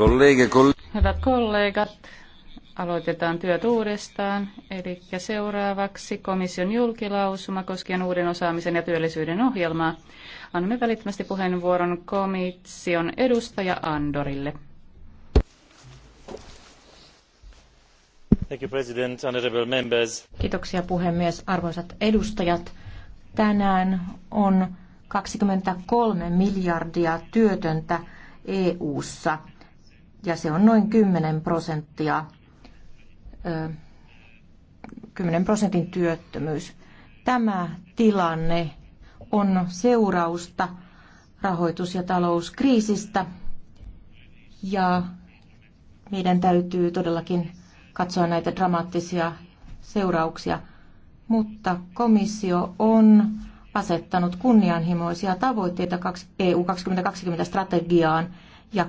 Kollege, koll- Hyvät kollegat, aloitetaan työt uudestaan. Eli seuraavaksi komission julkilausuma koskien uuden osaamisen ja työllisyyden ohjelmaa. Annamme välittömästi puheenvuoron komission edustaja Andorille. Thank you, President, honorable members. Kiitoksia puhemies, arvoisat edustajat. Tänään on 23 miljardia työtöntä EU:ssa ja se on noin 10 prosenttia, 10 prosentin työttömyys. Tämä tilanne on seurausta rahoitus- ja talouskriisistä ja meidän täytyy todellakin katsoa näitä dramaattisia seurauksia, mutta komissio on asettanut kunnianhimoisia tavoitteita EU 2020 strategiaan ja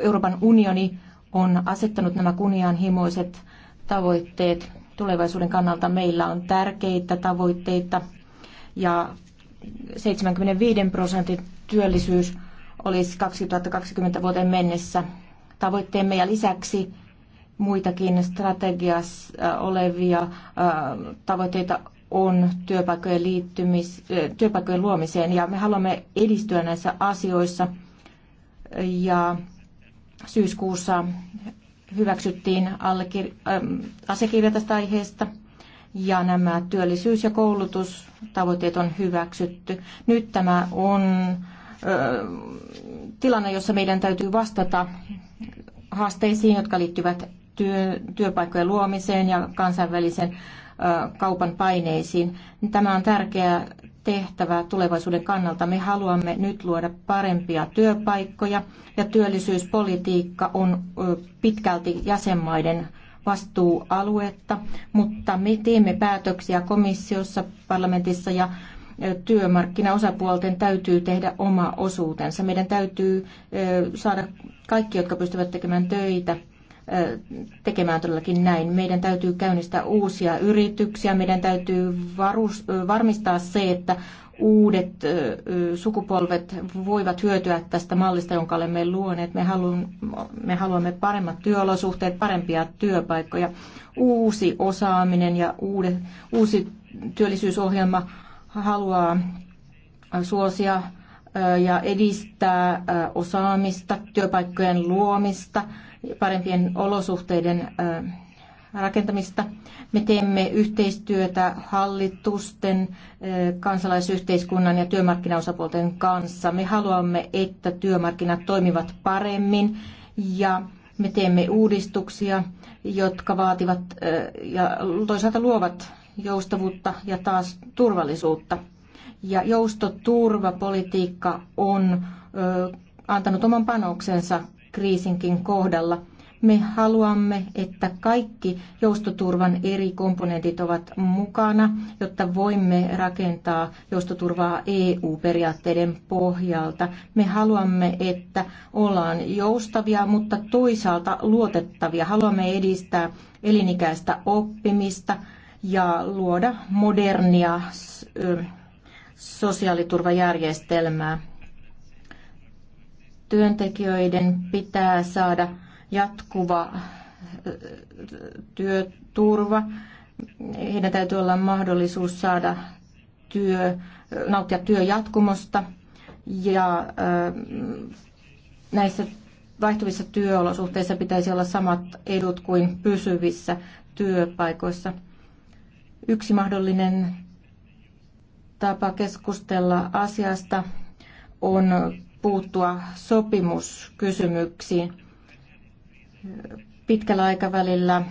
Euroopan unioni on asettanut nämä kunnianhimoiset tavoitteet tulevaisuuden kannalta. Meillä on tärkeitä tavoitteita ja 75 prosentin työllisyys olisi 2020 vuoteen mennessä tavoitteemme ja lisäksi muitakin strategiassa äh, olevia äh, tavoitteita on työpaikkojen, liittymis, äh, työpaikkojen luomiseen ja me haluamme edistyä näissä asioissa ja Syyskuussa hyväksyttiin allekir- asiakirja tästä aiheesta ja nämä työllisyys- ja koulutustavoitteet on hyväksytty. Nyt tämä on ö, tilanne, jossa meidän täytyy vastata haasteisiin, jotka liittyvät työ, työpaikkojen luomiseen ja kansainvälisen kaupan paineisiin. Tämä on tärkeää tehtävä tulevaisuuden kannalta. Me haluamme nyt luoda parempia työpaikkoja ja työllisyyspolitiikka on pitkälti jäsenmaiden vastuualuetta, mutta me teemme päätöksiä komissiossa, parlamentissa ja työmarkkinaosapuolten täytyy tehdä oma osuutensa. Meidän täytyy saada kaikki, jotka pystyvät tekemään töitä, tekemään todellakin näin. Meidän täytyy käynnistää uusia yrityksiä, meidän täytyy varus, varmistaa se, että uudet sukupolvet voivat hyötyä tästä mallista, jonka olemme luoneet. Me, haluamme, me haluamme paremmat työolosuhteet, parempia työpaikkoja, uusi osaaminen ja uudet, uusi työllisyysohjelma haluaa suosia ja edistää osaamista, työpaikkojen luomista – parempien olosuhteiden rakentamista. Me teemme yhteistyötä hallitusten, kansalaisyhteiskunnan ja työmarkkinaosapuolten kanssa. Me haluamme, että työmarkkinat toimivat paremmin ja me teemme uudistuksia, jotka vaativat ja toisaalta luovat joustavuutta ja taas turvallisuutta. Ja joustoturvapolitiikka on antanut oman panoksensa kriisinkin kohdalla. Me haluamme, että kaikki joustoturvan eri komponentit ovat mukana, jotta voimme rakentaa joustoturvaa EU-periaatteiden pohjalta. Me haluamme, että ollaan joustavia, mutta toisaalta luotettavia. Haluamme edistää elinikäistä oppimista ja luoda modernia sosiaaliturvajärjestelmää Työntekijöiden pitää saada jatkuva työturva. Heidän täytyy olla mahdollisuus saada työ, nauttia työjatkumosta ja näissä vaihtuvissa työolosuhteissa pitäisi olla samat edut kuin pysyvissä työpaikoissa. Yksi mahdollinen tapa keskustella asiasta on puuttua sopimuskysymyksiin. Pitkällä aikavälillä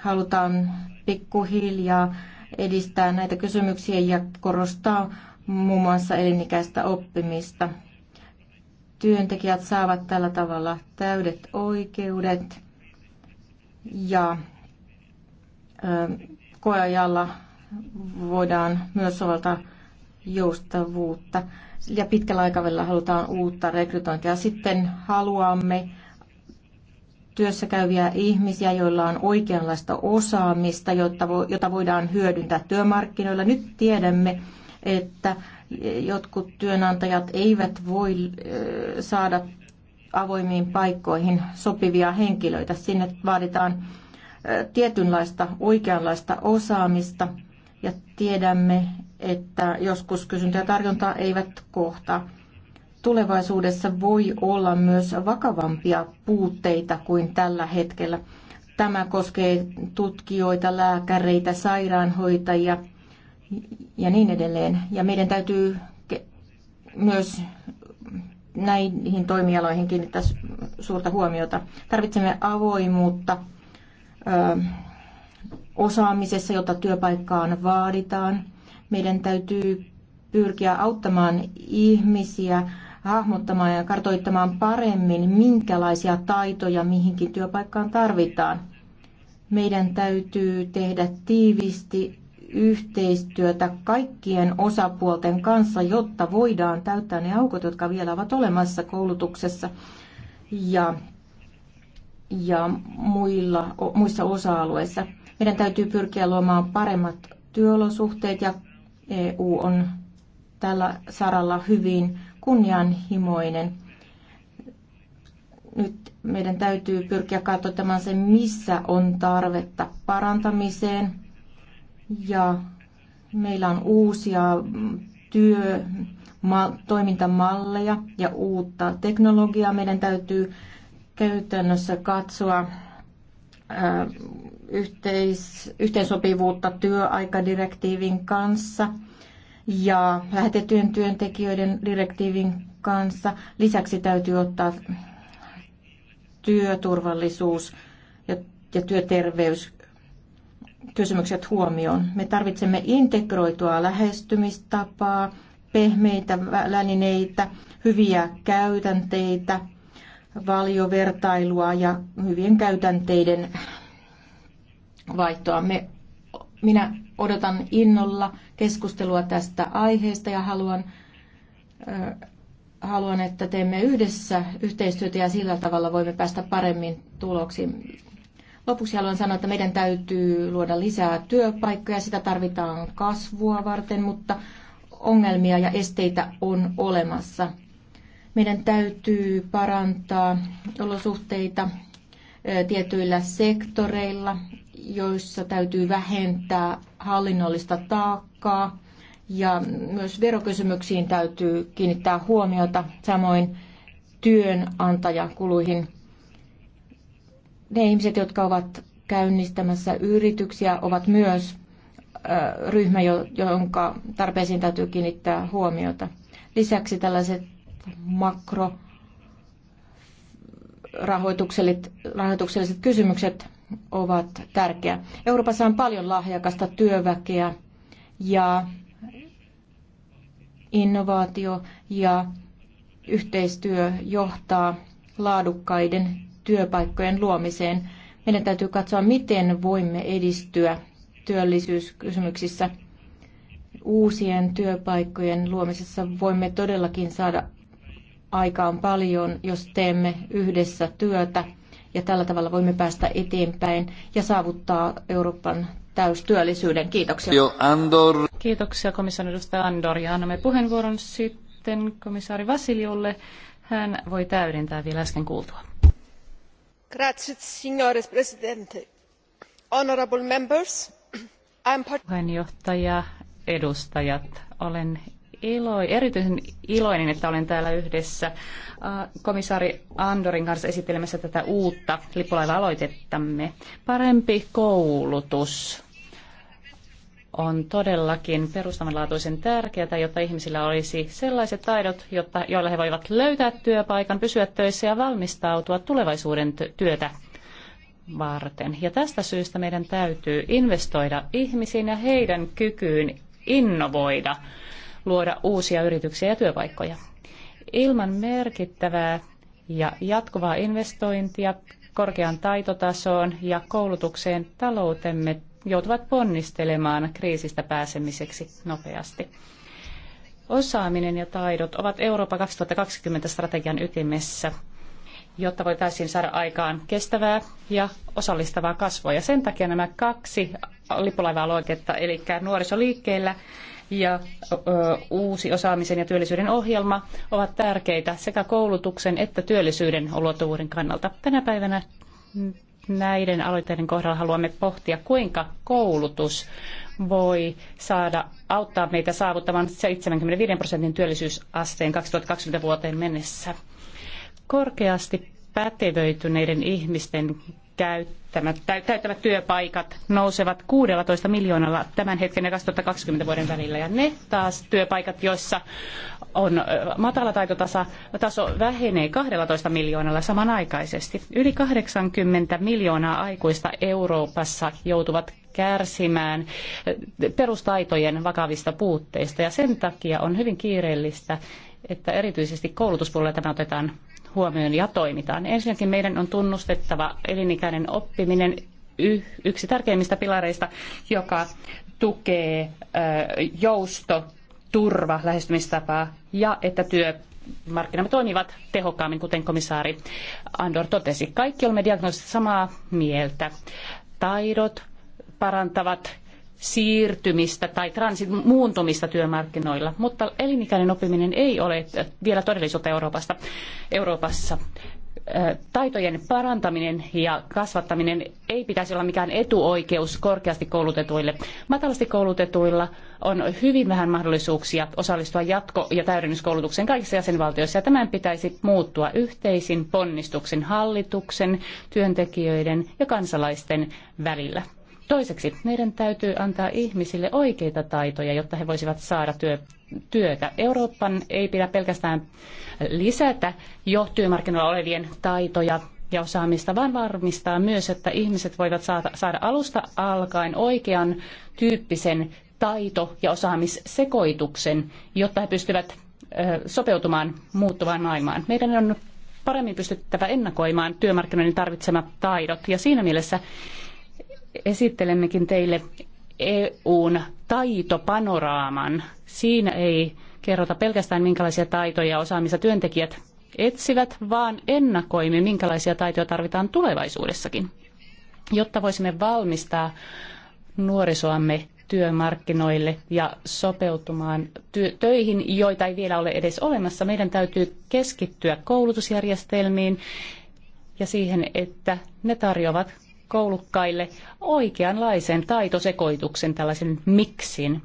halutaan pikkuhiljaa edistää näitä kysymyksiä ja korostaa muun muassa elinikäistä oppimista. Työntekijät saavat tällä tavalla täydet oikeudet ja koeajalla voidaan myös soveltaa joustavuutta ja pitkällä aikavälillä halutaan uutta rekrytointia. Sitten haluamme työssä käyviä ihmisiä, joilla on oikeanlaista osaamista, vo, jota voidaan hyödyntää työmarkkinoilla. Nyt tiedämme, että jotkut työnantajat eivät voi saada avoimiin paikkoihin sopivia henkilöitä. Sinne vaaditaan tietynlaista oikeanlaista osaamista ja tiedämme, että joskus kysyntä ja tarjonta eivät kohta, Tulevaisuudessa voi olla myös vakavampia puutteita kuin tällä hetkellä. Tämä koskee tutkijoita, lääkäreitä, sairaanhoitajia ja niin edelleen. Ja meidän täytyy myös näihin toimialoihin kiinnittää suurta huomiota. Tarvitsemme avoimuutta osaamisessa, jota työpaikkaan vaaditaan. Meidän täytyy pyrkiä auttamaan ihmisiä hahmottamaan ja kartoittamaan paremmin, minkälaisia taitoja mihinkin työpaikkaan tarvitaan. Meidän täytyy tehdä tiivisti yhteistyötä kaikkien osapuolten kanssa, jotta voidaan täyttää ne aukot, jotka vielä ovat olemassa koulutuksessa ja, ja muilla, muissa osa-alueissa meidän täytyy pyrkiä luomaan paremmat työolosuhteet ja EU on tällä saralla hyvin kunnianhimoinen. Nyt meidän täytyy pyrkiä katsomaan se, missä on tarvetta parantamiseen. Ja meillä on uusia työ, toimintamalleja ja uutta teknologiaa. Meidän täytyy käytännössä katsoa yhteis, yhteensopivuutta työaikadirektiivin kanssa ja lähetettyjen työntekijöiden direktiivin kanssa. Lisäksi täytyy ottaa työturvallisuus ja, ja työterveys kysymykset huomioon. Me tarvitsemme integroitua lähestymistapaa, pehmeitä välineitä, hyviä käytänteitä, valiovertailua ja hyvien käytänteiden vaihtoa. Me, minä odotan innolla keskustelua tästä aiheesta ja haluan, äh, haluan, että teemme yhdessä yhteistyötä ja sillä tavalla voimme päästä paremmin tuloksiin. Lopuksi haluan sanoa, että meidän täytyy luoda lisää työpaikkoja, sitä tarvitaan kasvua varten, mutta ongelmia ja esteitä on olemassa. Meidän täytyy parantaa olosuhteita tietyillä sektoreilla joissa täytyy vähentää hallinnollista taakkaa ja myös verokysymyksiin täytyy kiinnittää huomiota, samoin työnantajakuluihin. Ne ihmiset, jotka ovat käynnistämässä yrityksiä, ovat myös ryhmä, jonka tarpeisiin täytyy kiinnittää huomiota. Lisäksi tällaiset makro rahoitukselliset kysymykset ovat tärkeä. Euroopassa on paljon lahjakasta työväkeä ja innovaatio ja yhteistyö johtaa laadukkaiden työpaikkojen luomiseen. Meidän täytyy katsoa, miten voimme edistyä työllisyyskysymyksissä. Uusien työpaikkojen luomisessa voimme todellakin saada aikaan paljon, jos teemme yhdessä työtä – ja tällä tavalla voimme päästä eteenpäin ja saavuttaa Euroopan täystyöllisyyden. Kiitoksia. Andor. Kiitoksia komission edustaja Andor ja annamme puheenvuoron sitten komissaari Vasiljulle. Hän voi täydentää vielä äsken kuultua. Grazie, signore presidente. Honorable members, I'm part- Puheenjohtaja, edustajat, olen ilo, erityisen iloinen, että olen täällä yhdessä äh, komissaari Andorin kanssa esittelemässä tätä uutta lippulaiva-aloitettamme. Parempi koulutus on todellakin perustavanlaatuisen tärkeää, jotta ihmisillä olisi sellaiset taidot, jotta, joilla he voivat löytää työpaikan, pysyä töissä ja valmistautua tulevaisuuden työtä varten. Ja tästä syystä meidän täytyy investoida ihmisiin ja heidän kykyyn innovoida luoda uusia yrityksiä ja työpaikkoja. Ilman merkittävää ja jatkuvaa investointia korkean taitotasoon ja koulutukseen taloutemme joutuvat ponnistelemaan kriisistä pääsemiseksi nopeasti. Osaaminen ja taidot ovat Eurooppa 2020 strategian ytimessä, jotta voitaisiin saada aikaan kestävää ja osallistavaa kasvua. Ja sen takia nämä kaksi lippulaiva-aloitetta, eli nuorisoliikkeellä ja uusi osaamisen ja työllisyyden ohjelma ovat tärkeitä sekä koulutuksen että työllisyyden ulottuvuuden kannalta. Tänä päivänä näiden aloitteiden kohdalla haluamme pohtia, kuinka koulutus voi saada auttaa meitä saavuttamaan 75 prosentin työllisyysasteen 2020 vuoteen mennessä. Korkeasti pätevöityneiden ihmisten käyttämät, täyttävät työpaikat nousevat 16 miljoonalla tämän hetken ja 2020 vuoden välillä. Ja ne taas työpaikat, joissa on matala taitotaso, vähenee 12 miljoonalla samanaikaisesti. Yli 80 miljoonaa aikuista Euroopassa joutuvat kärsimään perustaitojen vakavista puutteista ja sen takia on hyvin kiireellistä, että erityisesti koulutuspuolella tämä otetaan huomioon ja toimitaan. Ensinnäkin meidän on tunnustettava elinikäinen oppiminen yksi tärkeimmistä pilareista, joka tukee jousto, turva, lähestymistapaa ja että työmarkkinamme toimivat tehokkaammin, kuten komissaari Andor totesi. Kaikki olemme diagnoosissa samaa mieltä. Taidot parantavat siirtymistä tai transit muuntumista työmarkkinoilla, mutta elinikäinen oppiminen ei ole vielä todellisuutta Euroopasta, Euroopassa. Taitojen parantaminen ja kasvattaminen ei pitäisi olla mikään etuoikeus korkeasti koulutetuille. Matalasti koulutetuilla on hyvin vähän mahdollisuuksia osallistua jatko- ja täydennyskoulutukseen kaikissa jäsenvaltioissa, ja tämän pitäisi muuttua yhteisin ponnistuksen hallituksen, työntekijöiden ja kansalaisten välillä. Toiseksi meidän täytyy antaa ihmisille oikeita taitoja, jotta he voisivat saada työ, työtä. Euroopan ei pidä pelkästään lisätä jo työmarkkinoilla olevien taitoja ja osaamista, vaan varmistaa myös, että ihmiset voivat saada, saada alusta alkaen oikean tyyppisen taito- ja osaamissekoituksen, jotta he pystyvät sopeutumaan muuttuvaan maailmaan. Meidän on paremmin pystyttävä ennakoimaan työmarkkinoiden tarvitsemat taidot, ja siinä mielessä esittelemmekin teille EUn taitopanoraaman. Siinä ei kerrota pelkästään minkälaisia taitoja ja osaamista työntekijät etsivät, vaan ennakoimme, minkälaisia taitoja tarvitaan tulevaisuudessakin, jotta voisimme valmistaa nuorisoamme työmarkkinoille ja sopeutumaan töihin, joita ei vielä ole edes olemassa. Meidän täytyy keskittyä koulutusjärjestelmiin ja siihen, että ne tarjoavat koulukkaille oikeanlaisen taitosekoituksen, tällaisen miksin.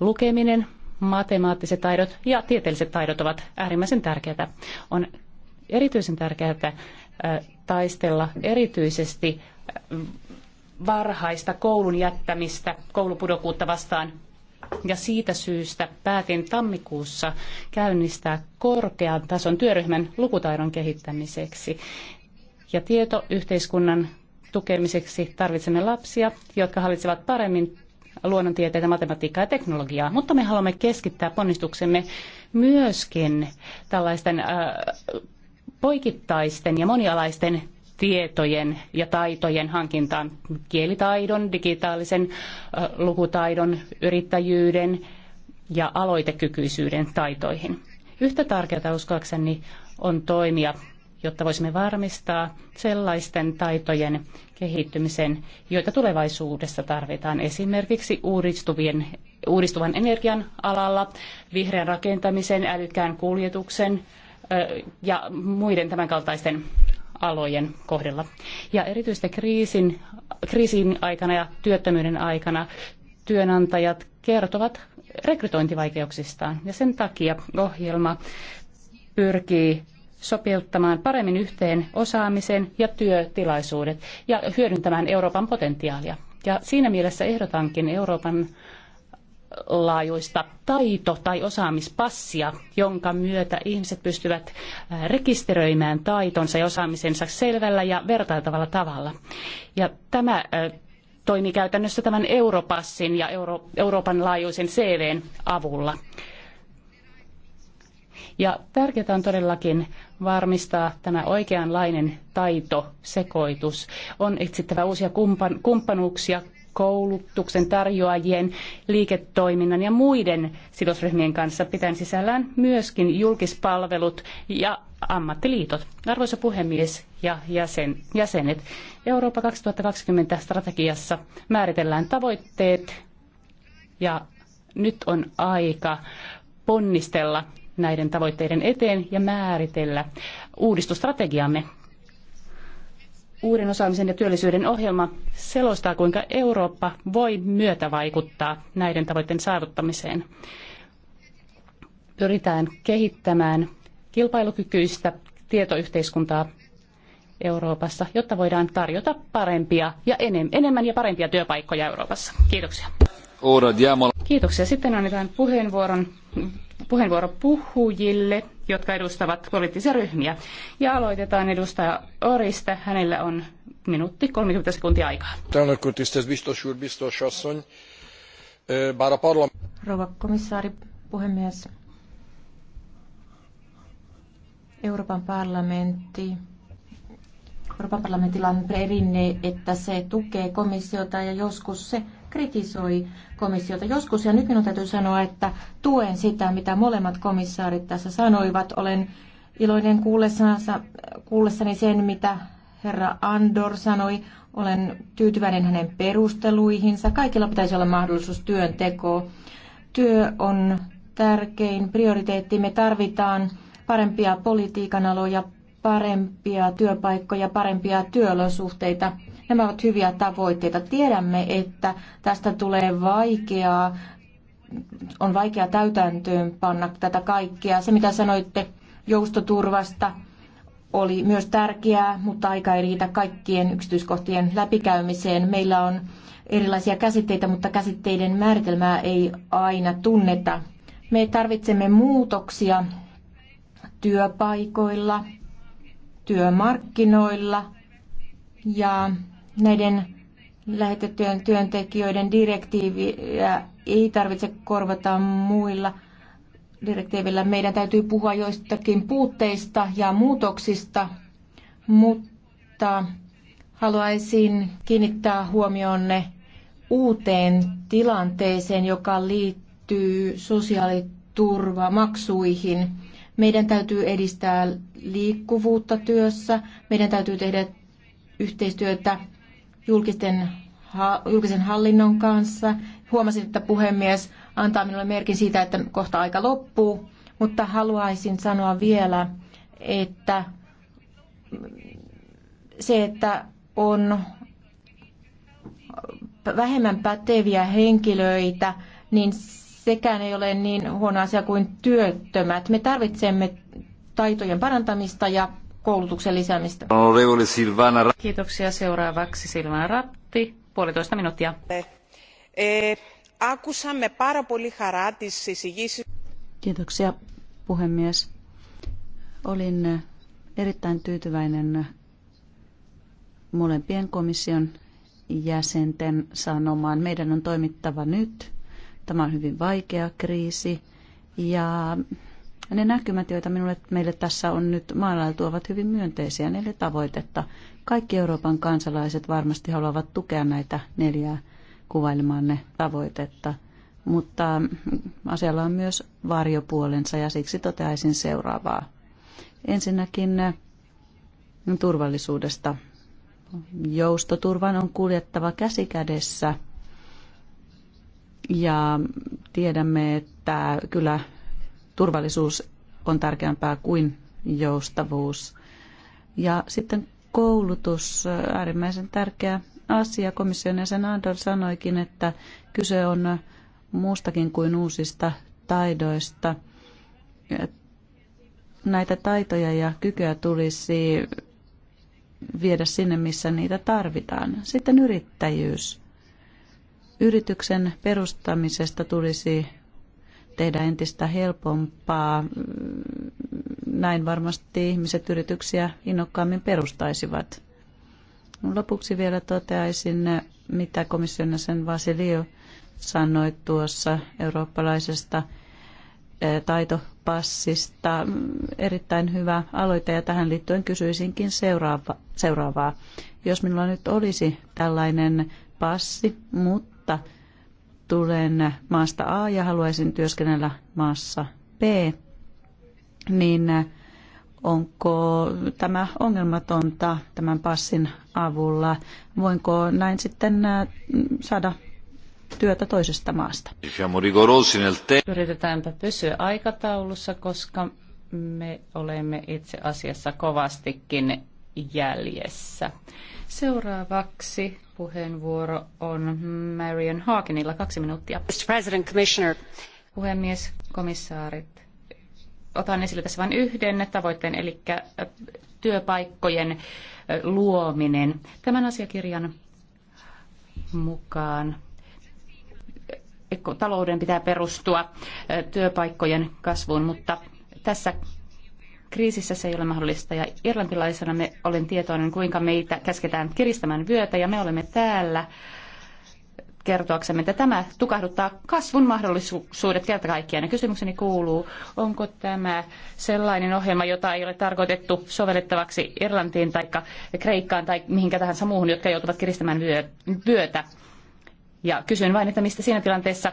Lukeminen, matemaattiset taidot ja tieteelliset taidot ovat äärimmäisen tärkeitä. On erityisen tärkeää äh, taistella erityisesti äh, varhaista koulun jättämistä, koulupudokkuutta vastaan. Ja siitä syystä päätin tammikuussa käynnistää korkean tason työryhmän lukutaidon kehittämiseksi. Ja tietoyhteiskunnan tukemiseksi tarvitsemme lapsia, jotka hallitsevat paremmin luonnontieteitä, matematiikkaa ja teknologiaa, mutta me haluamme keskittää ponnistuksemme myöskin tällaisten äh, poikittaisten ja monialaisten tietojen ja taitojen hankintaan, kielitaidon, digitaalisen äh, lukutaidon, yrittäjyyden ja aloitekykyisyyden taitoihin. Yhtä tärkeää uskoakseni on toimia jotta voisimme varmistaa sellaisten taitojen kehittymisen, joita tulevaisuudessa tarvitaan esimerkiksi uudistuvien, uudistuvan energian alalla, vihreän rakentamisen, älykkään kuljetuksen ja muiden tämänkaltaisten alojen kohdalla. Ja erityisesti kriisin, kriisin aikana ja työttömyyden aikana työnantajat kertovat rekrytointivaikeuksistaan. Ja sen takia ohjelma pyrkii sopeuttamaan paremmin yhteen osaamisen ja työtilaisuudet ja hyödyntämään Euroopan potentiaalia. Ja siinä mielessä ehdotankin Euroopan laajuista taito- tai osaamispassia, jonka myötä ihmiset pystyvät rekisteröimään taitonsa ja osaamisensa selvällä ja vertailtavalla tavalla. Ja tämä toimii käytännössä tämän Europassin ja Euro- Euroopan laajuisen CVn avulla. Ja tärkeää on todellakin varmistaa tämä oikeanlainen taito, sekoitus. On etsittävä uusia kumppan, kumppanuuksia koulutuksen tarjoajien, liiketoiminnan ja muiden sidosryhmien kanssa pitäen sisällään myöskin julkispalvelut ja ammattiliitot. Arvoisa puhemies ja jäsen, jäsenet, Eurooppa 2020 strategiassa määritellään tavoitteet ja nyt on aika ponnistella näiden tavoitteiden eteen ja määritellä uudistustrategiamme. Uuden osaamisen ja työllisyyden ohjelma selostaa, kuinka Eurooppa voi myötävaikuttaa näiden tavoitteiden saavuttamiseen. Pyritään kehittämään kilpailukykyistä tietoyhteiskuntaa Euroopassa, jotta voidaan tarjota parempia ja enemmän ja parempia työpaikkoja Euroopassa. Kiitoksia. Kiitoksia. Sitten annetaan puheenvuoron puheenvuoro puhujille, jotka edustavat poliittisia ryhmiä. Ja aloitetaan edustaja Orista. Hänellä on minuutti 30 sekuntia aikaa. Rouva komissaari, puhemies. Euroopan parlamentti Euroopan parlamentilla on perinne, että se tukee komissiota ja joskus se kritisoi komissiota joskus, ja nyt minun täytyy sanoa, että tuen sitä, mitä molemmat komissaarit tässä sanoivat. Olen iloinen kuullessani sen, mitä herra Andor sanoi. Olen tyytyväinen hänen perusteluihinsa. Kaikilla pitäisi olla mahdollisuus työntekoon. Työ on tärkein prioriteetti. Me tarvitaan parempia politiikan aloja, parempia työpaikkoja, parempia työolosuhteita. Nämä ovat hyviä tavoitteita. Tiedämme, että tästä tulee vaikeaa, on vaikea täytäntöön panna tätä kaikkea. Se, mitä sanoitte joustoturvasta, oli myös tärkeää, mutta aika ei riitä kaikkien yksityiskohtien läpikäymiseen. Meillä on erilaisia käsitteitä, mutta käsitteiden määritelmää ei aina tunneta. Me tarvitsemme muutoksia työpaikoilla, työmarkkinoilla ja näiden lähetettyjen työntekijöiden direktiiviä ei tarvitse korvata muilla direktiivillä. Meidän täytyy puhua joistakin puutteista ja muutoksista, mutta haluaisin kiinnittää huomionne uuteen tilanteeseen, joka liittyy sosiaaliturvamaksuihin. Meidän täytyy edistää liikkuvuutta työssä, meidän täytyy tehdä yhteistyötä julkisten, julkisen hallinnon kanssa. Huomasin, että puhemies antaa minulle merkin siitä, että kohta aika loppuu, mutta haluaisin sanoa vielä, että se, että on vähemmän päteviä henkilöitä, niin sekään ei ole niin huono asia kuin työttömät. Me tarvitsemme taitojen parantamista ja koulutuksen lisäämistä. Kiitoksia. Seuraavaksi Silvana Ratti, puolitoista minuuttia. Kiitoksia puhemies. Olin erittäin tyytyväinen molempien komission jäsenten sanomaan. Meidän on toimittava nyt. Tämä on hyvin vaikea kriisi ja ne näkymät, joita minulle, meille tässä on nyt maalailtu, ovat hyvin myönteisiä. Neljä tavoitetta. Kaikki Euroopan kansalaiset varmasti haluavat tukea näitä neljää kuvailemaanne tavoitetta. Mutta asialla on myös varjopuolensa ja siksi toteaisin seuraavaa. Ensinnäkin mm, turvallisuudesta. Joustoturvan on kuljettava käsikädessä ja tiedämme, että kyllä turvallisuus on tärkeämpää kuin joustavuus. Ja sitten koulutus, äärimmäisen tärkeä asia. Komission jäsen Andor sanoikin, että kyse on muustakin kuin uusista taidoista. Näitä taitoja ja kykyä tulisi viedä sinne, missä niitä tarvitaan. Sitten yrittäjyys. Yrityksen perustamisesta tulisi tehdä entistä helpompaa. Näin varmasti ihmiset yrityksiä innokkaammin perustaisivat. Lopuksi vielä toteaisin, mitä komission sen Vasilio sanoi tuossa eurooppalaisesta eh, taitopassista. Erittäin hyvä aloite ja tähän liittyen kysyisinkin seuraava, seuraavaa. Jos minulla nyt olisi tällainen passi, mutta tulen maasta A ja haluaisin työskennellä maassa B, niin onko tämä ongelmatonta tämän passin avulla? Voinko näin sitten saada työtä toisesta maasta? Yritetäänpä pysyä aikataulussa, koska me olemme itse asiassa kovastikin jäljessä. Seuraavaksi puheenvuoro on Marian Haakenilla kaksi minuuttia. Mr. President, Commissioner. Puhemies, komissaarit. Otan esille tässä vain yhden tavoitteen, eli työpaikkojen luominen. Tämän asiakirjan mukaan e, talouden pitää perustua työpaikkojen kasvuun, mutta tässä kriisissä se ei ole mahdollista. Ja irlantilaisena me olen tietoinen, kuinka meitä käsketään kiristämään vyötä ja me olemme täällä kertoaksemme, että tämä tukahduttaa kasvun mahdollisuudet kerta kaikkiaan. Ja kysymykseni kuuluu, onko tämä sellainen ohjelma, jota ei ole tarkoitettu sovellettavaksi Irlantiin tai Kreikkaan tai mihinkä tahansa muuhun, jotka joutuvat kiristämään vyötä. Ja kysyn vain, että mistä siinä tilanteessa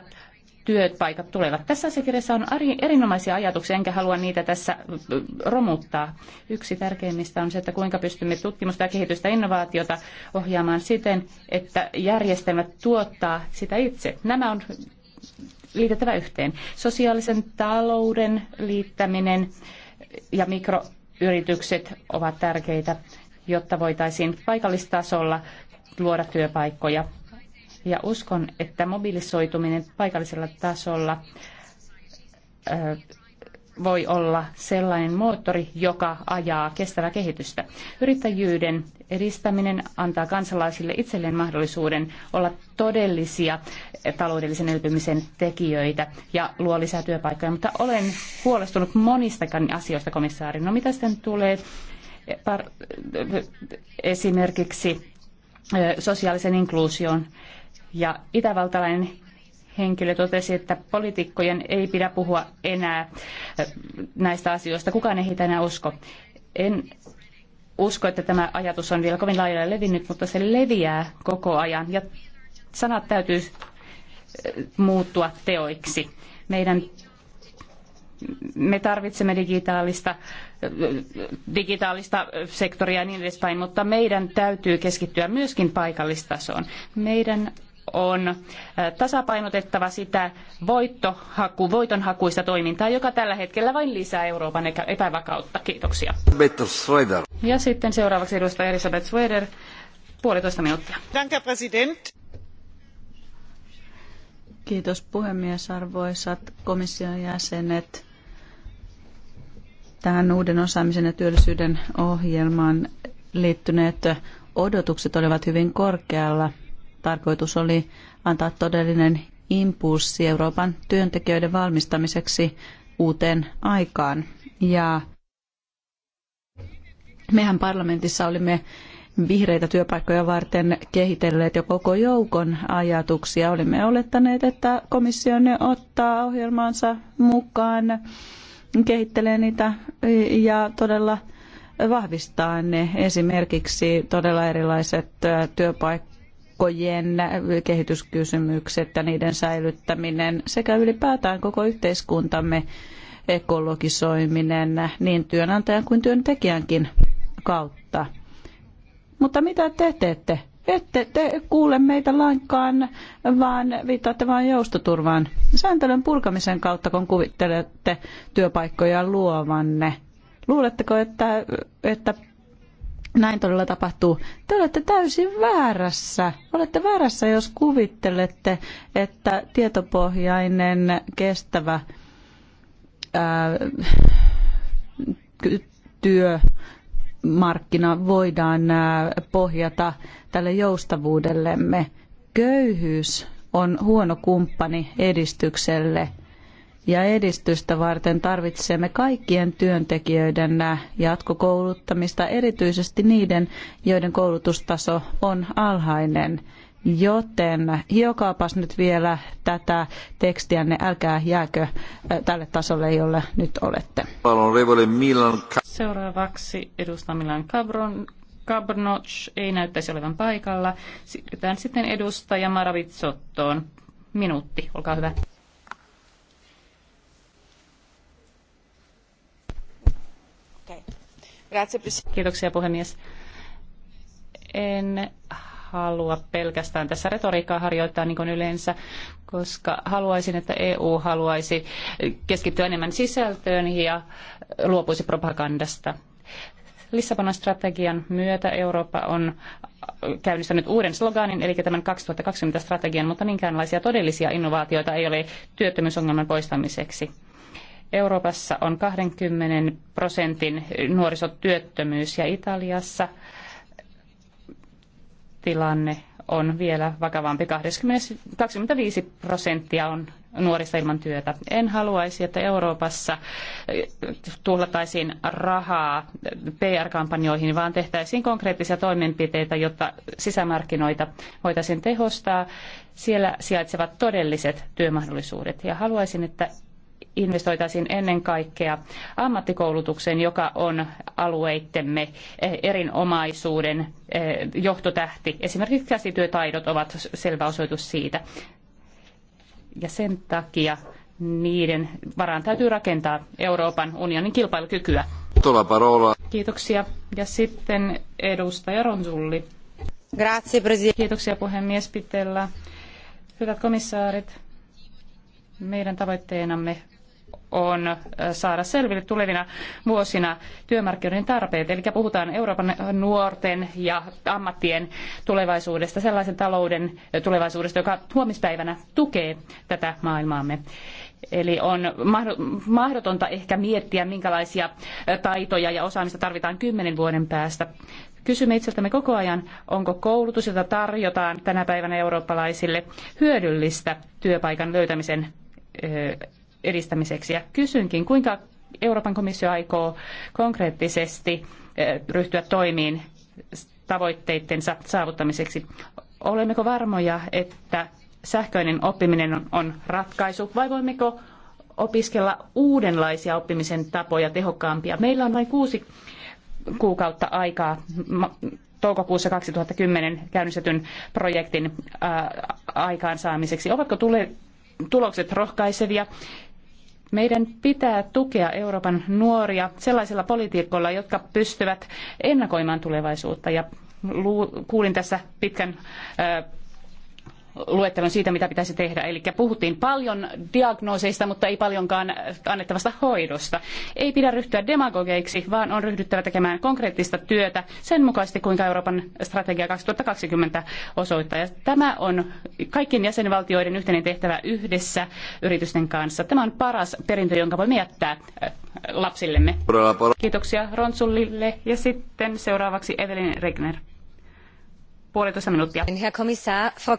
työpaikat tulevat. Tässä asiakirjassa on erinomaisia ajatuksia, enkä halua niitä tässä romuttaa. Yksi tärkeimmistä on se, että kuinka pystymme tutkimusta ja kehitystä innovaatiota ohjaamaan siten, että järjestelmät tuottaa sitä itse. Nämä on liitettävä yhteen. Sosiaalisen talouden liittäminen ja mikroyritykset ovat tärkeitä, jotta voitaisiin paikallistasolla luoda työpaikkoja ja uskon, että mobilisoituminen paikallisella tasolla voi olla sellainen moottori, joka ajaa kestävää kehitystä. Yrittäjyyden edistäminen antaa kansalaisille itselleen mahdollisuuden olla todellisia taloudellisen elpymisen tekijöitä ja luo lisää työpaikkoja. Mutta olen huolestunut monistakin asioista, komissaari. No mitä sitten tulee e, e, e, esimerkiksi sosiaalisen inkluusion ja itävaltalainen henkilö totesi, että poliitikkojen ei pidä puhua enää näistä asioista. Kukaan ei heitä enää usko. En usko, että tämä ajatus on vielä kovin laajalle levinnyt, mutta se leviää koko ajan. Ja sanat täytyy muuttua teoiksi. Meidän me tarvitsemme digitaalista, digitaalista sektoria ja niin edespäin, mutta meidän täytyy keskittyä myöskin paikallistasoon. Meidän on äh, tasapainotettava sitä voittohaku, voitonhakuista toimintaa, joka tällä hetkellä vain lisää Euroopan epävakautta. Kiitoksia. Ja sitten seuraavaksi edustaja Elisabeth Sweder, puolitoista minuuttia. Danke, president. Kiitos puhemies, arvoisat komission jäsenet. Tähän uuden osaamisen ja työllisyyden ohjelmaan liittyneet odotukset olivat hyvin korkealla tarkoitus oli antaa todellinen impulssi Euroopan työntekijöiden valmistamiseksi uuteen aikaan. Ja mehän parlamentissa olimme vihreitä työpaikkoja varten kehitelleet jo koko joukon ajatuksia. Olimme olettaneet, että komissio ottaa ohjelmaansa mukaan, kehittelee niitä ja todella vahvistaa ne. Esimerkiksi todella erilaiset työpaikat kirkkojen kehityskysymykset ja niiden säilyttäminen sekä ylipäätään koko yhteiskuntamme ekologisoiminen niin työnantajan kuin työntekijänkin kautta. Mutta mitä te teette? Ette te kuule meitä lainkaan, vaan viittaatte vain joustoturvaan. Sääntelyn purkamisen kautta, kun kuvittelette työpaikkoja luovanne. Luuletteko, että, että näin todella tapahtuu. Te olette täysin väärässä. Olette väärässä, jos kuvittelette, että tietopohjainen kestävä ää, työmarkkina voidaan voidaan pohjata tälle joustavuudellemme. Köyhyys on huono kumppani edistykselle – ja edistystä varten tarvitsemme kaikkien työntekijöiden jatkokouluttamista, erityisesti niiden, joiden koulutustaso on alhainen. Joten hiokaapas nyt vielä tätä tekstiänne, älkää jääkö tälle tasolle, jolle nyt olette. Seuraavaksi edustaa Milan Cabron. Cabrnoch ei näyttäisi olevan paikalla. Siirrytään sitten edustaja Maravitsottoon. Minuutti, olkaa hyvä. Kiitoksia puhemies. En halua pelkästään tässä retoriikkaa harjoittaa niin kuin yleensä, koska haluaisin, että EU haluaisi keskittyä enemmän sisältöön ja luopuisi propagandasta. Lissabonan strategian myötä Eurooppa on käynnistänyt uuden sloganin, eli tämän 2020 strategian, mutta minkäänlaisia todellisia innovaatioita ei ole työttömyysongelman poistamiseksi Euroopassa on 20 prosentin nuorisotyöttömyys ja Italiassa tilanne on vielä vakavampi. 20, 25 prosenttia on nuorista ilman työtä. En haluaisi, että Euroopassa äh, tuhlataisiin rahaa PR-kampanjoihin, vaan tehtäisiin konkreettisia toimenpiteitä, jotta sisämarkkinoita voitaisiin tehostaa. Siellä sijaitsevat todelliset työmahdollisuudet. Ja haluaisin, että investoitaisiin ennen kaikkea ammattikoulutukseen, joka on alueittemme eh, erinomaisuuden eh, johtotähti. Esimerkiksi käsityötaidot ovat selvä osoitus siitä. Ja sen takia niiden varaan täytyy rakentaa Euroopan unionin kilpailukykyä. Kiitoksia. Ja sitten edustaja Ronsulli. Grazie, Kiitoksia puhemies Pitellä. Hyvät komissaarit, meidän tavoitteenamme on saada selville tulevina vuosina työmarkkinoiden tarpeet. Eli puhutaan Euroopan nuorten ja ammattien tulevaisuudesta, sellaisen talouden tulevaisuudesta, joka huomispäivänä tukee tätä maailmaamme. Eli on mahdotonta ehkä miettiä, minkälaisia taitoja ja osaamista tarvitaan kymmenen vuoden päästä. Kysymme itseltämme koko ajan, onko koulutus, jota tarjotaan tänä päivänä eurooppalaisille, hyödyllistä työpaikan löytämisen edistämiseksi. Ja kysynkin, kuinka Euroopan komissio aikoo konkreettisesti eh, ryhtyä toimiin tavoitteidensa saavuttamiseksi. Olemmeko varmoja, että sähköinen oppiminen on ratkaisu vai voimmeko opiskella uudenlaisia oppimisen tapoja tehokkaampia? Meillä on vain kuusi kuukautta aikaa toukokuussa 2010 käynnistetyn projektin aikaansaamiseksi. Ovatko tule, tulokset rohkaisevia meidän pitää tukea Euroopan nuoria sellaisilla politiikoilla, jotka pystyvät ennakoimaan tulevaisuutta. Ja kuulin tässä pitkän luettelon siitä, mitä pitäisi tehdä. Eli puhuttiin paljon diagnooseista, mutta ei paljonkaan annettavasta hoidosta. Ei pidä ryhtyä demagogeiksi, vaan on ryhdyttävä tekemään konkreettista työtä sen mukaisesti, kuinka Euroopan strategia 2020 osoittaa. Ja tämä on kaikkien jäsenvaltioiden yhteinen tehtävä yhdessä yritysten kanssa. Tämä on paras perintö, jonka voimme jättää äh, lapsillemme. Kiitoksia Ronsullille ja sitten seuraavaksi Evelyn Regner puolitoista minuuttia. Herr Kommissar, Frau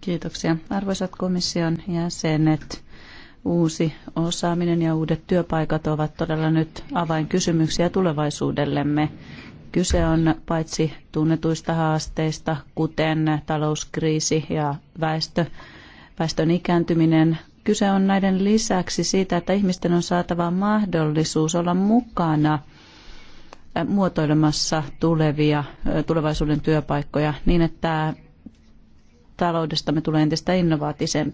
Kiitoksia. Arvoisat komission jäsenet, uusi osaaminen ja uudet työpaikat ovat todella nyt avainkysymyksiä tulevaisuudellemme. Kyse on paitsi tunnetuista haasteista, kuten talouskriisi ja väestö, väestön ikääntyminen, kyse on näiden lisäksi siitä, että ihmisten on saatava mahdollisuus olla mukana muotoilemassa tulevia tulevaisuuden työpaikkoja niin, että taloudestamme tulee entistä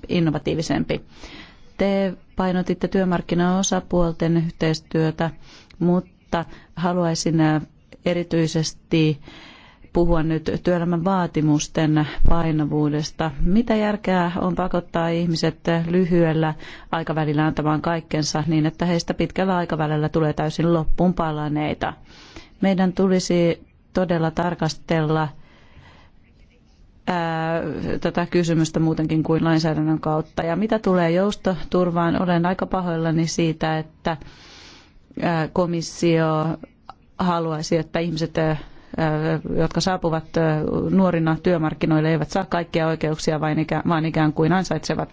innovatiivisempi. Te painotitte työmarkkinaosapuolten yhteistyötä, mutta haluaisin äh, erityisesti puhua nyt työelämän vaatimusten painavuudesta. Mitä järkeä on pakottaa ihmiset lyhyellä aikavälillä antamaan kaikkensa niin, että heistä pitkällä aikavälillä tulee täysin loppuun palaneita? Meidän tulisi todella tarkastella tätä kysymystä muutenkin kuin lainsäädännön kautta. Ja mitä tulee joustoturvaan, olen aika pahoillani siitä, että komissio haluaisi, että ihmiset, jotka saapuvat nuorina työmarkkinoille, eivät saa kaikkia oikeuksia, vaan ikään kuin ansaitsevat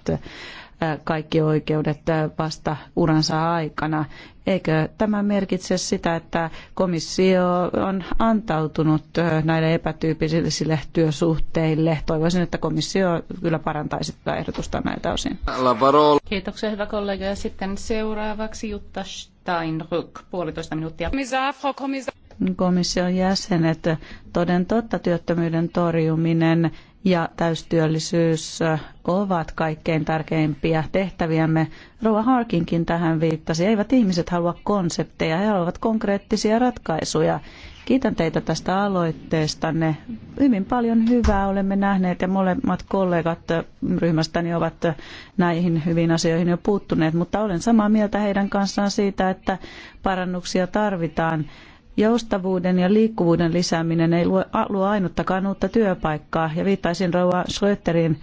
kaikki oikeudet vasta uransa aikana. Eikö tämä merkitse sitä, että komissio on antautunut näille epätyypillisille työsuhteille? Toivoisin, että komissio kyllä parantaisi tätä ehdotusta näiltä osin. Kiitoksia hyvä kollega. Ja sitten seuraavaksi Jutta Steinrück, puolitoista minuuttia. Kommissar, Frau Kommissar komission jäsenet, toden totta työttömyyden torjuminen ja täystyöllisyys ovat kaikkein tärkeimpiä tehtäviämme. Rova Harkinkin tähän viittasi. Eivät ihmiset halua konsepteja, he haluavat konkreettisia ratkaisuja. Kiitän teitä tästä aloitteestanne. Hyvin paljon hyvää olemme nähneet ja molemmat kollegat ryhmästäni ovat näihin hyviin asioihin jo puuttuneet, mutta olen samaa mieltä heidän kanssaan siitä, että parannuksia tarvitaan Joustavuuden ja liikkuvuuden lisääminen ei luo ainuttakaan uutta työpaikkaa ja viittaisin rouva Schröterin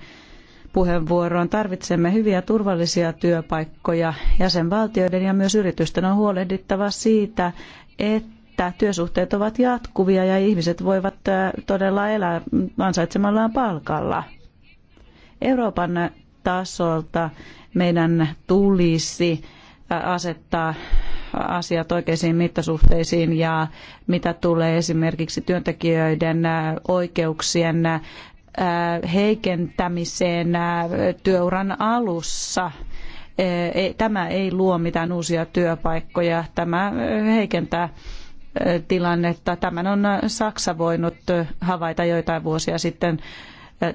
puheenvuoroon. Tarvitsemme hyviä turvallisia työpaikkoja. Jäsenvaltioiden ja myös yritysten on huolehdittava siitä, että työsuhteet ovat jatkuvia ja ihmiset voivat todella elää ansaitsemallaan palkalla. Euroopan tasolta meidän tulisi asettaa asiat oikeisiin mittasuhteisiin ja mitä tulee esimerkiksi työntekijöiden oikeuksien heikentämiseen työuran alussa. Tämä ei luo mitään uusia työpaikkoja, tämä heikentää tilannetta. Tämän on Saksa voinut havaita joitain vuosia sitten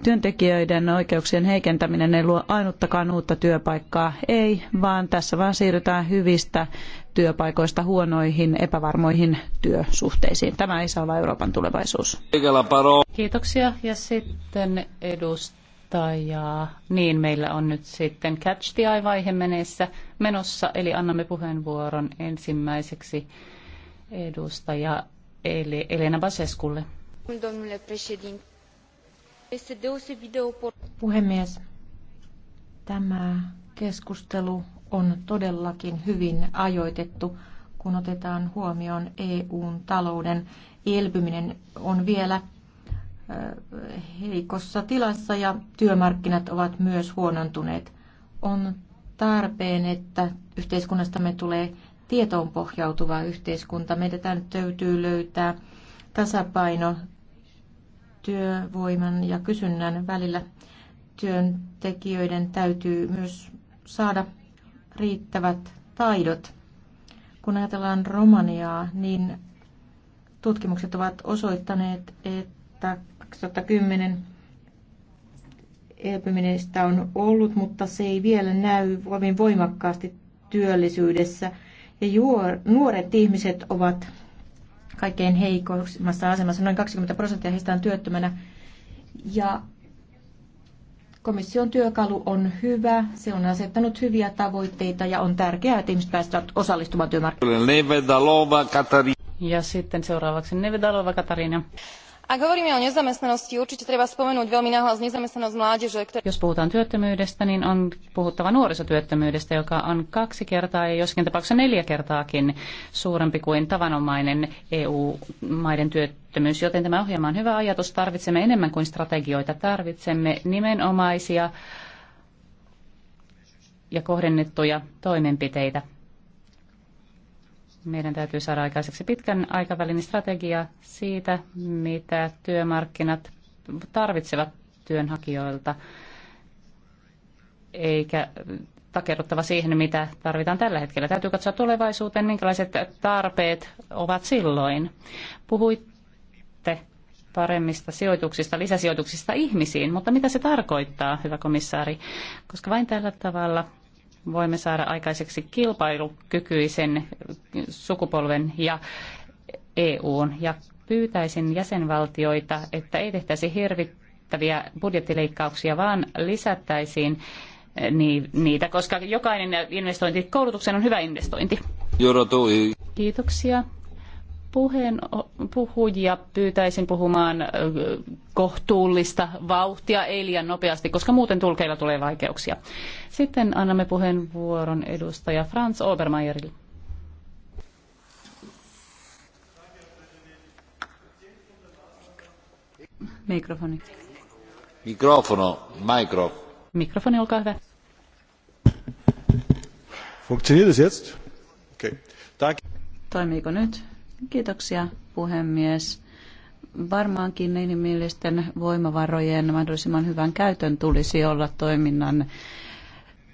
työntekijöiden oikeuksien heikentäminen ei luo ainuttakaan uutta työpaikkaa. Ei, vaan tässä vaan siirrytään hyvistä työpaikoista huonoihin, epävarmoihin työsuhteisiin. Tämä ei saa olla Euroopan tulevaisuus. Kiitoksia. Ja sitten edustaja. Niin, meillä on nyt sitten Catch the Eye-vaihe meneessä, menossa, eli annamme puheenvuoron ensimmäiseksi edustaja Elena Baseskulle. Domnule președinte, Puhemies, tämä keskustelu on todellakin hyvin ajoitettu, kun otetaan huomioon EUn talouden elpyminen on vielä eh, heikossa tilassa ja työmarkkinat ovat myös huonontuneet. On tarpeen, että yhteiskunnastamme tulee tietoon pohjautuva yhteiskunta. Meidän täytyy löytää tasapaino työvoiman ja kysynnän välillä. Työntekijöiden täytyy myös saada riittävät taidot. Kun ajatellaan Romaniaa, niin tutkimukset ovat osoittaneet, että 2010 elpymistä on ollut, mutta se ei vielä näy kovin voimakkaasti työllisyydessä. Ja juor, nuoret ihmiset ovat kaikkein heikoimmassa asemassa. Noin 20 prosenttia heistä on työttömänä. Ja komission työkalu on hyvä, se on asettanut hyviä tavoitteita ja on tärkeää, että ihmiset pääsevät osallistumaan työmarkkinoille. Ja sitten seuraavaksi Nevedalova Katarina. Ak hovoríme o nezamestnanosti, určite treba spomenúť veľmi nahlas nezamestnanosť mládeže. Jos puhutaan työttömyydestä, niin on puhuttava nuorisotyöttömyydestä, joka on kaksi kertaa ja joskin tapauksessa neljä kertaakin suurempi kuin tavanomainen EU-maiden työttömyys. Joten tämä ohjelma on hyvä ajatus. Tarvitsemme enemmän kuin strategioita. Tarvitsemme nimenomaisia ja kohdennettuja toimenpiteitä meidän täytyy saada aikaiseksi pitkän aikavälin strategia siitä, mitä työmarkkinat tarvitsevat työnhakijoilta, eikä takerruttava siihen, mitä tarvitaan tällä hetkellä. Täytyy katsoa tulevaisuuteen, minkälaiset tarpeet ovat silloin. Puhuitte paremmista sijoituksista, lisäsijoituksista ihmisiin, mutta mitä se tarkoittaa, hyvä komissaari? Koska vain tällä tavalla voimme saada aikaiseksi kilpailukykyisen sukupolven ja EUn. Ja pyytäisin jäsenvaltioita, että ei tehtäisi hirvittäviä budjettileikkauksia, vaan lisättäisiin niitä, koska jokainen investointi koulutukseen on hyvä investointi. Kiitoksia puheen, puhujia pyytäisin puhumaan kohtuullista vauhtia, ei liian nopeasti, koska muuten tulkeilla tulee vaikeuksia. Sitten annamme puheenvuoron edustaja Franz Obermeierille. Mikrofoni. Mikrofono, mikro. Mikrofoni, olkaa hyvä. Funktioniert es jetzt? Okay. Danke. Toimiiko nyt? Kiitoksia puhemies. Varmaankin inhimillisten voimavarojen mahdollisimman hyvän käytön tulisi olla toiminnan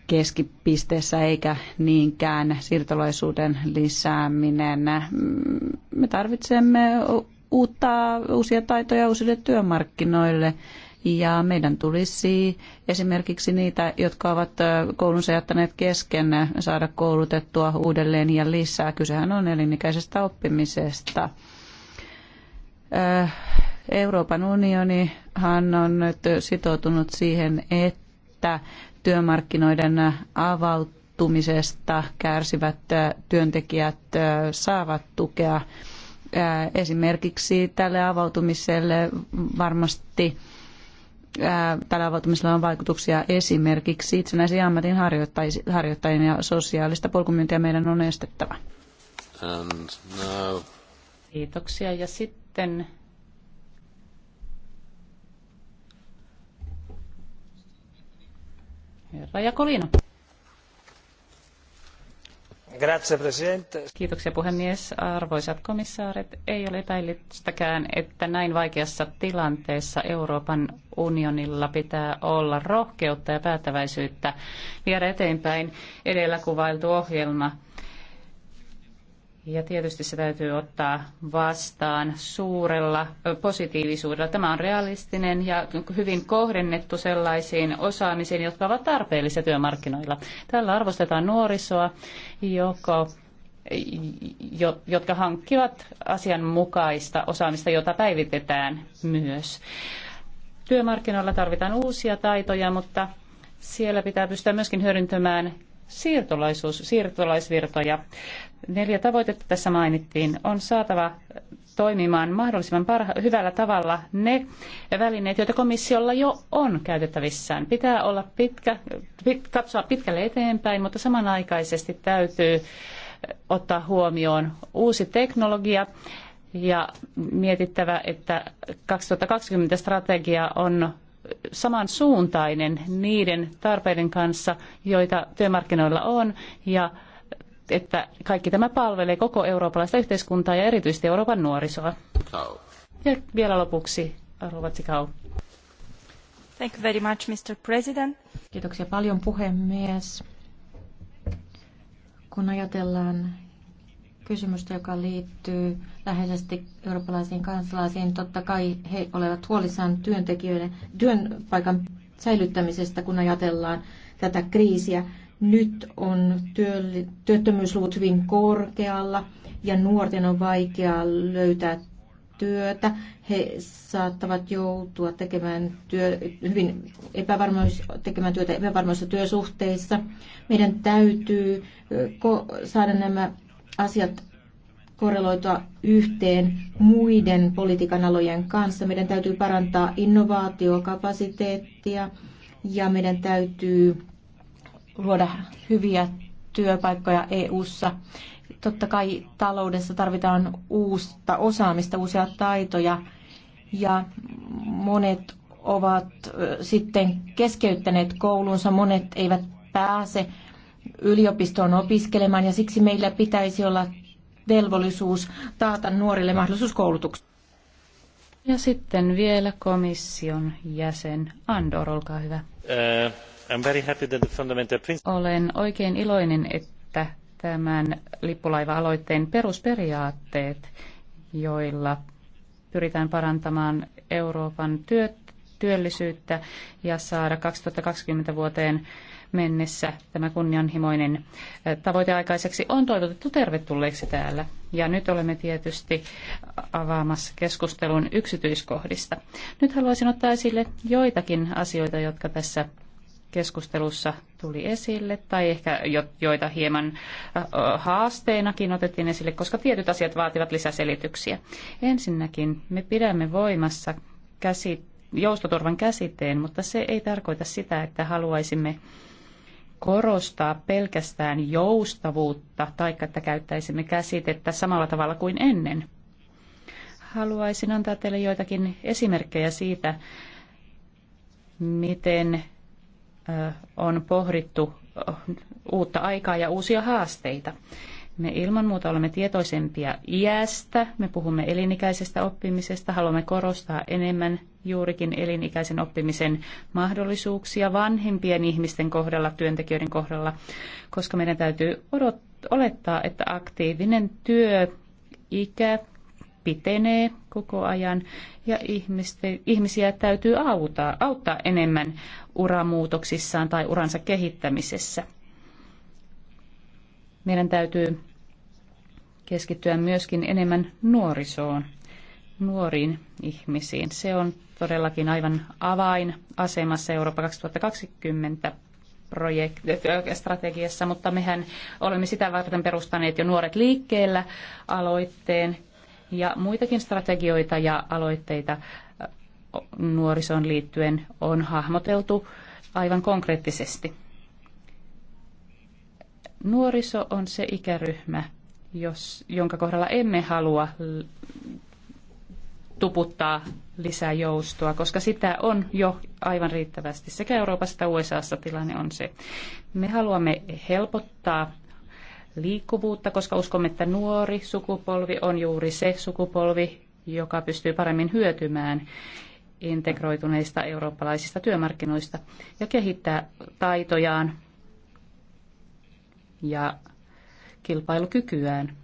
keskipisteessä eikä niinkään siirtolaisuuden lisääminen. Mm, me tarvitsemme uutta, uusia taitoja uusille työmarkkinoille ja meidän tulisi esimerkiksi niitä, jotka ovat koulunsa jättäneet kesken, saada koulutettua uudelleen ja lisää. Kysehän on elinikäisestä oppimisesta. Euroopan unionihan on nyt sitoutunut siihen, että työmarkkinoiden avautumisesta kärsivät työntekijät saavat tukea esimerkiksi tälle avautumiselle varmasti Tällä on vaikutuksia esimerkiksi itsenäisiin ammatin harjoittajien ja sosiaalista polkumyyntiä meidän on estettävä. And now... Kiitoksia. Ja sitten Herra Jakolino. Kiitoksia puhemies. Arvoisat komissaarit, ei ole epäilystäkään, että näin vaikeassa tilanteessa Euroopan unionilla pitää olla rohkeutta ja päättäväisyyttä viedä eteenpäin edellä kuvailtu ohjelma – ja tietysti se täytyy ottaa vastaan suurella positiivisuudella. Tämä on realistinen ja hyvin kohdennettu sellaisiin osaamisiin, jotka ovat tarpeellisia työmarkkinoilla. Tällä arvostetaan nuorisoa, joko, jotka hankkivat asianmukaista osaamista, jota päivitetään myös. Työmarkkinoilla tarvitaan uusia taitoja, mutta siellä pitää pystyä myöskin hyödyntämään siirtolaisuus, siirtolaisvirtoja. Neljä tavoitetta tässä mainittiin. On saatava toimimaan mahdollisimman parha- hyvällä tavalla ne välineet, joita komissiolla jo on käytettävissään. Pitää olla pitkä, pit, katsoa pitkälle eteenpäin, mutta samanaikaisesti täytyy ottaa huomioon uusi teknologia ja mietittävä, että 2020 strategia on samansuuntainen niiden tarpeiden kanssa, joita työmarkkinoilla on, ja että kaikki tämä palvelee koko eurooppalaista yhteiskuntaa ja erityisesti Euroopan nuorisoa. Ja vielä lopuksi, Kau. Thank you very much, Mr. President. Kiitoksia paljon puhemies. Kun ajatellaan kysymystä, joka liittyy läheisesti eurooppalaisiin kansalaisiin. Totta kai he olevat huolissaan työntekijöiden työpaikan säilyttämisestä, kun ajatellaan tätä kriisiä. Nyt on työttömyysluvut hyvin korkealla ja nuorten on vaikea löytää työtä. He saattavat joutua tekemään työ, hyvin epävarmois, tekemään työtä epävarmoissa työsuhteissa. Meidän täytyy saada nämä asiat korreloitua yhteen muiden politiikan alojen kanssa. Meidän täytyy parantaa innovaatiokapasiteettia ja meidän täytyy luoda hyviä työpaikkoja EU:ssa. Totta kai taloudessa tarvitaan uusta osaamista, uusia taitoja ja monet ovat sitten keskeyttäneet koulunsa, monet eivät pääse yliopistoon opiskelemaan ja siksi meillä pitäisi olla velvollisuus taata nuorille mahdollisuus koulutukseen. Ja sitten vielä komission jäsen Andor, olkaa hyvä. Uh, I'm very happy that the fundamental Olen oikein iloinen, että tämän lippulaiva-aloitteen perusperiaatteet, joilla pyritään parantamaan Euroopan työt, työllisyyttä ja saada 2020 vuoteen mennessä tämä kunnianhimoinen tavoite aikaiseksi on toivotettu tervetulleeksi täällä. Ja nyt olemme tietysti avaamassa keskustelun yksityiskohdista. Nyt haluaisin ottaa esille joitakin asioita, jotka tässä keskustelussa tuli esille, tai ehkä joita hieman haasteenakin otettiin esille, koska tietyt asiat vaativat lisäselityksiä. Ensinnäkin me pidämme voimassa käsi, joustoturvan käsitteen, mutta se ei tarkoita sitä, että haluaisimme korostaa pelkästään joustavuutta, taikka että käyttäisimme käsitettä samalla tavalla kuin ennen. Haluaisin antaa teille joitakin esimerkkejä siitä, miten on pohdittu uutta aikaa ja uusia haasteita. Me ilman muuta olemme tietoisempia iästä, me puhumme elinikäisestä oppimisesta, haluamme korostaa enemmän juurikin elinikäisen oppimisen mahdollisuuksia vanhempien ihmisten kohdalla, työntekijöiden kohdalla, koska meidän täytyy odot- olettaa, että aktiivinen työikä pitenee koko ajan ja ihmiste, ihmisiä täytyy auttaa, auttaa enemmän uramuutoksissaan tai uransa kehittämisessä. Meidän täytyy keskittyä myöskin enemmän nuorisoon, nuoriin ihmisiin. Se on todellakin aivan avainasemassa Eurooppa 2020 äh, strategiassa, mutta mehän olemme sitä varten perustaneet jo Nuoret liikkeellä aloitteen ja muitakin strategioita ja aloitteita äh, nuorisoon liittyen on hahmoteltu aivan konkreettisesti. Nuoriso on se ikäryhmä, jos, jonka kohdalla emme halua tuputtaa lisää joustoa, koska sitä on jo aivan riittävästi. Sekä Euroopassa että USAssa tilanne on se. Me haluamme helpottaa liikkuvuutta, koska uskomme, että nuori sukupolvi on juuri se sukupolvi, joka pystyy paremmin hyötymään integroituneista eurooppalaisista työmarkkinoista ja kehittää taitojaan ja kilpailukykyään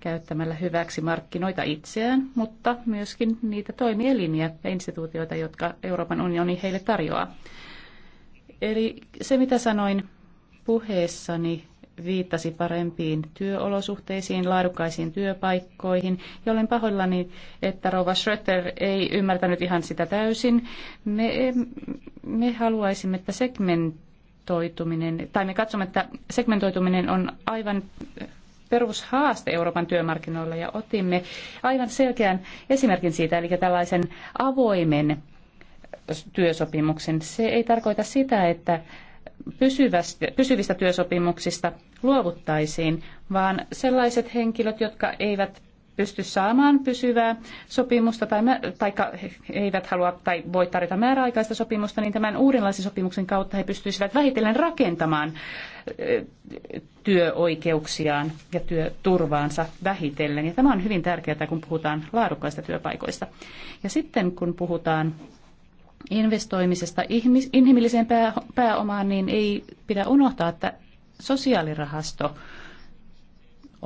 käyttämällä hyväksi markkinoita itseään, mutta myöskin niitä toimielimiä ja instituutioita, jotka Euroopan unioni heille tarjoaa. Eli se, mitä sanoin puheessani, viittasi parempiin työolosuhteisiin, laadukkaisiin työpaikkoihin, ja olen pahoillani, että Rova Schröter ei ymmärtänyt ihan sitä täysin. Me, me haluaisimme, että segment, segmentoituminen, tai me katsomme, että segmentoituminen on aivan perushaaste Euroopan työmarkkinoilla ja otimme aivan selkeän esimerkin siitä, eli tällaisen avoimen työsopimuksen. Se ei tarkoita sitä, että pysyvistä työsopimuksista luovuttaisiin, vaan sellaiset henkilöt, jotka eivät pysty saamaan pysyvää sopimusta tai, tai eivät halua tai voi tarjota määräaikaista sopimusta, niin tämän uudenlaisen sopimuksen kautta he pystyisivät vähitellen rakentamaan työoikeuksiaan ja työturvaansa vähitellen. Ja tämä on hyvin tärkeää, kun puhutaan laadukkaista työpaikoista. Ja sitten kun puhutaan investoimisesta inhimilliseen pääomaan, niin ei pidä unohtaa, että sosiaalirahasto –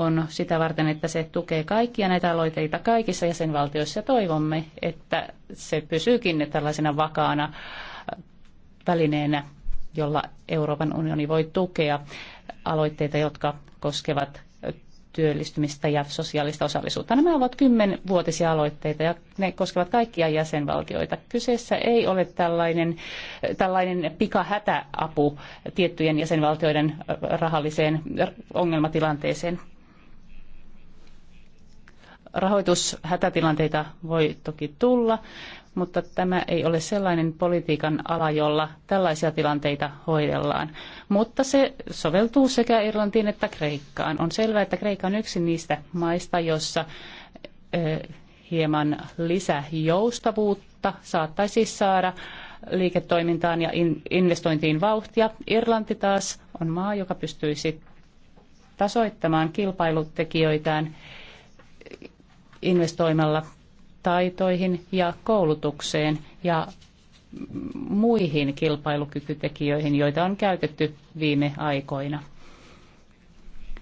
on sitä varten, että se tukee kaikkia näitä aloitteita kaikissa jäsenvaltioissa. Toivomme, että se pysyykin tällaisena vakaana välineenä, jolla Euroopan unioni voi tukea aloitteita, jotka koskevat työllistymistä ja sosiaalista osallisuutta. Nämä ovat kymmenvuotisia aloitteita ja ne koskevat kaikkia jäsenvaltioita. Kyseessä ei ole tällainen, tällainen pikahätäapu tiettyjen jäsenvaltioiden rahalliseen ongelmatilanteeseen. Rahoitushätätilanteita voi toki tulla, mutta tämä ei ole sellainen politiikan ala, jolla tällaisia tilanteita hoidellaan. Mutta se soveltuu sekä Irlantiin että Kreikkaan. On selvää, että Kreikka on yksi niistä maista, jossa hieman lisäjoustavuutta saattaisi saada liiketoimintaan ja investointiin vauhtia. Irlanti taas on maa, joka pystyisi tasoittamaan kilpailutekijöitään investoimalla taitoihin ja koulutukseen ja muihin kilpailukykytekijöihin, joita on käytetty viime aikoina.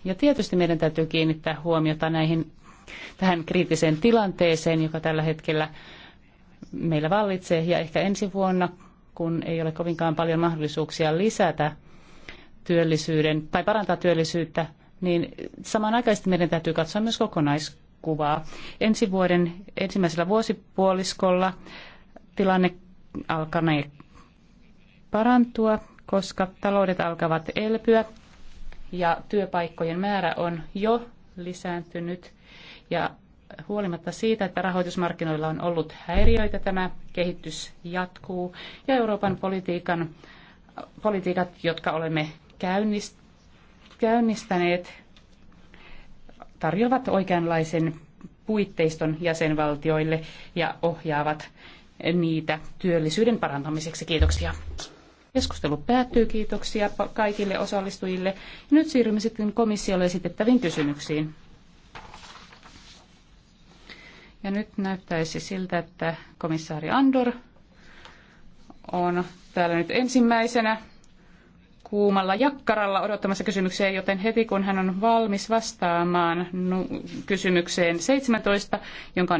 Ja tietysti meidän täytyy kiinnittää huomiota näihin, tähän kriittiseen tilanteeseen, joka tällä hetkellä meillä vallitsee. Ja ehkä ensi vuonna, kun ei ole kovinkaan paljon mahdollisuuksia lisätä työllisyyden tai parantaa työllisyyttä, niin samanaikaisesti meidän täytyy katsoa myös kokonais kuvaa. Ensi vuoden ensimmäisellä vuosipuoliskolla tilanne alkanee parantua, koska taloudet alkavat elpyä ja työpaikkojen määrä on jo lisääntynyt. Ja huolimatta siitä, että rahoitusmarkkinoilla on ollut häiriöitä, tämä kehitys jatkuu. Ja Euroopan politiikan, politiikat, jotka olemme käynnistäneet, tarjoavat oikeanlaisen puitteiston jäsenvaltioille ja ohjaavat niitä työllisyyden parantamiseksi. Kiitoksia. Keskustelu päättyy. Kiitoksia kaikille osallistujille. Nyt siirrymme sitten komissiolle esitettäviin kysymyksiin. Ja nyt näyttäisi siltä, että komissaari Andor on täällä nyt ensimmäisenä kuumalla jakkaralla odottamassa kysymyksiä, joten heti kun hän on valmis vastaamaan kysymykseen 17, jonka on